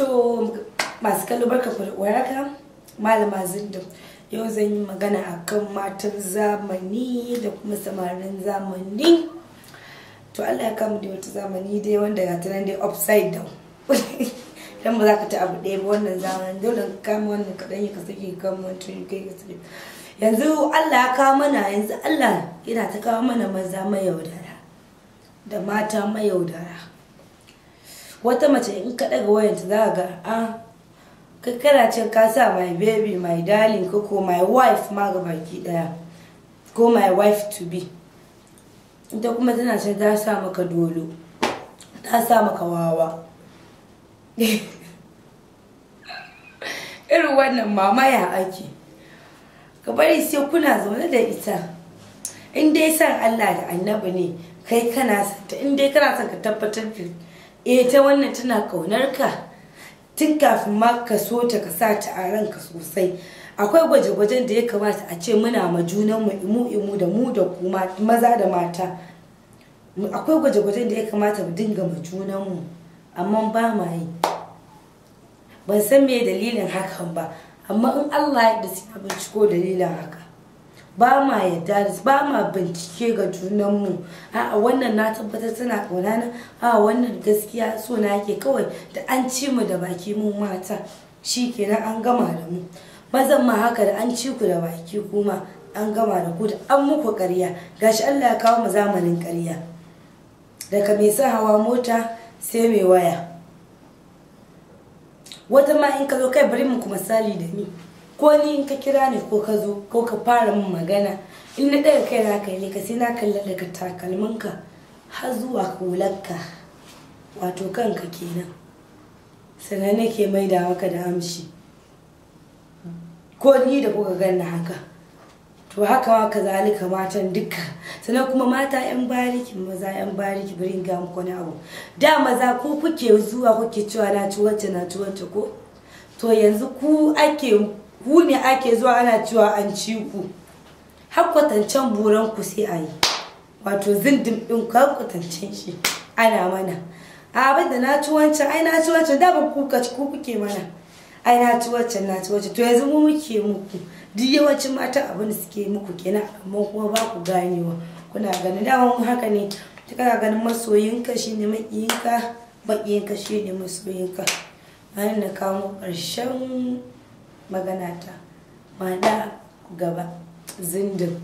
to masu kallo barka ku waraka malama zindu yau zan yi magana akan matan zamani da kuma samarin zamani to Allah ya kamu da wata zamani dai wanda ga tunan dai upside down dan ba za ka ta abu ɗaya ba wannan zamanin dole ka kama wannan kaɗan ya ka sake kama wancan kai ka sake yanzu Allah ya kawo mana yanzu Allah yana ta kawo mana maza mayaudara da mata mayaudara wata mace in ka daga ta za ga an ah, ka kana can ka sa my baby my darling ko ko my wife ma ga baki daya ko my wife to be ita kuma tana can ta sa maka dolo ta sa maka wawa irin wannan mama ya ake ka bari sai kuna zaune da ita in dai san Allah da annabi ne kai kana ta in dai kana son ka tabbatar da eh ta wannan tana kaunar ka tun kafin ma ka so ta ka sa ta a ranka sosai akwai gwaje-gwajen da ya kamata a ce muna ma junan mu imu imu da mu da ku maza da mata akwai gwaje-gwajen da ya kamata mu dinga ma mu amma ba ma yi ban san me dalilin hakan ba amma in Allah ya da sai binciko dalilin haka ba ma yadda ma bincike ga junanmu a wannan na tabbatar tana ƙauna na a wannan gaskiya so na ke kawai da an ci mu da baki mu mata shi kenan an gama da mu mazan ma haka da an ci ku da baki kuma an gama da ku da an muku ƙarya gashi Allah ya kawo mu zamanin ƙarya daga mai sa hawa mota sai mai waya wata ma in ka zo kai bari mu kuma sali da ni ko ni in ka kira ni ko ka zo ko ka fara min magana in na ɗaga kai na kai ka sai na kalla daga takalminka har zuwa hularka wato kanka kenan sannan nake maida maka da amshi ko ni da kuka ganna haka to haka ma kazalika matan duka sannan kuma mata yan bariki maza yan bariki bari ga muku na abu da maza ku kuke zuwa kuke cewa na ci wacce na ci wacce ko to yanzu ku ake ku ne ake zuwa ana cewa an ci ku hakkwatancen buran ku sai a yi wato zindin ɗin ku hakkwatancen shi ana mana abin da na ci wancan ai na ci wancan da ba ku ku kuke mana ai na ci wancan na ci wancan to yanzu mu muke muku duk yawancin mata abin da suke muku kenan amma kuma ba ku ganewa kuna ganin Da mu haka ne kana ganin masoyinka shine makiyinka makiyinka shine masoyinka bayan na kawo ƙarshen maganata. mada gaba zindin.